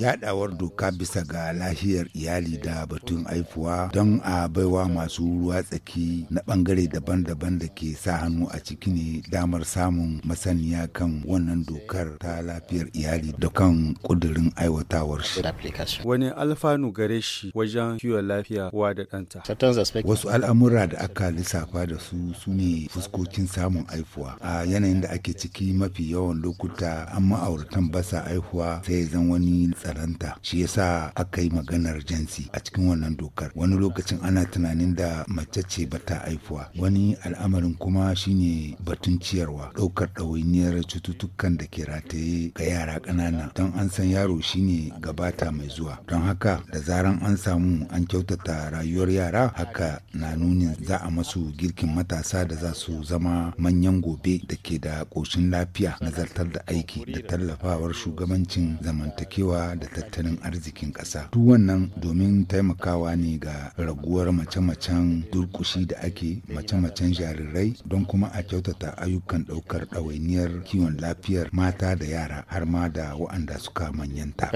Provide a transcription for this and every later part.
Yaɗawar doka bisa ga lafiyar iyali da batun haifuwa don a baiwa masu ruwa tsaki na bangare daban-daban da ke sa hannu a ciki ne damar samun masaniya kan wannan dokar ta lafiyar iyali da kan ƙudirin aiwatawar shi. Wani alfanu gare shi wajen kiwon lafiya wa da danta. Wasu al'amura da aka lissafa da su su ne fuskokin samun haifuwa. A yanayin da ake ciki mafi yawan lokuta an ma'auratan basa haihuwa ta yi zan wani tsaranta shi yasa aka yi maganar jinsi a cikin wannan dokar wani lokacin ana tunanin da mace ce bata haifuwa wani al'amarin kuma shine batun ciyarwa ɗaukar ɗawainiyar cututtukan da ke rataye ga yara ƙanana don an san yaro shine gabata mai zuwa don haka da zaran an samu an kyautata rayuwar yara haka na nunin za a masu girkin matasa da za su zama manyan gobe da ke da ƙoshin lafiya nazartar da aiki da tallafawar shugabancin zamantakewa da tattalin arzikin ƙasa duk wannan domin taimakawa ne ga raguwar mace-macen durkushi da ake mace-macen jarirai don kuma a kyautata ayyukan ɗaukar ɗawainiyar kiwon lafiyar mata da yara har ma da wa'anda suka manyanta.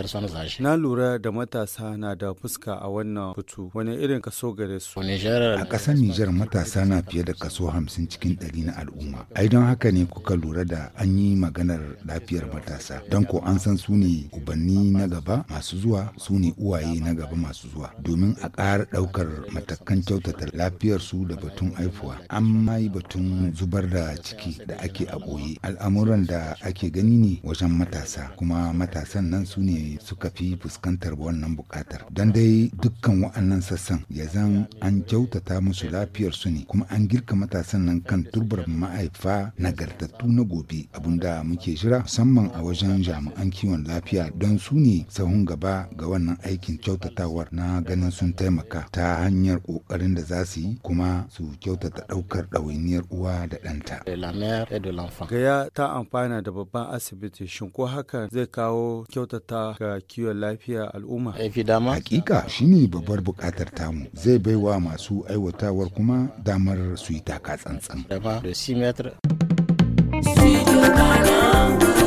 Na lura da matasa na da fuska a wannan hutu wani irin kaso gare su. A ƙasar Nijar matasa na fiye da kaso hamsin cikin ɗari na al'umma. Ai don haka ne kuka lura da an yi maganar lafiyar matasa don ko an san su ne ubanni na gaba masu zuwa su ne uwaye na gaba masu zuwa domin a ƙara ɗaukar matakan kyautata lafiyarsu da batun haifuwa an mai batun zubar da ciki da ake a ɓoye al'amuran da ake gani ne wajen matasa kuma matasan nan su ne suka fi fuskantar wannan buƙatar don dai dukkan wa'annan sassan ya zan an kyautata musu lafiyarsu ne kuma an girka matasan nan kan turbar ma'aifa nagartattu na gobe abinda muke jira musamman a wajen jami'an kiwon lafiya lafiya don su ne sahun gaba ga wannan aikin kyautatawar na ganin sun taimaka ta hanyar ƙoƙarin da za su yi kuma su kyautata ɗaukar ɗawainiyar uwa da ɗanta. Gaya ta amfana da babban asibiti shin ko haka zai kawo kyautata ga kiwon lafiya al'umma? Hakika shi ne babbar buƙatar tamu zai baiwa masu aiwatawar kuma damar su yi taka tsantsan. Studio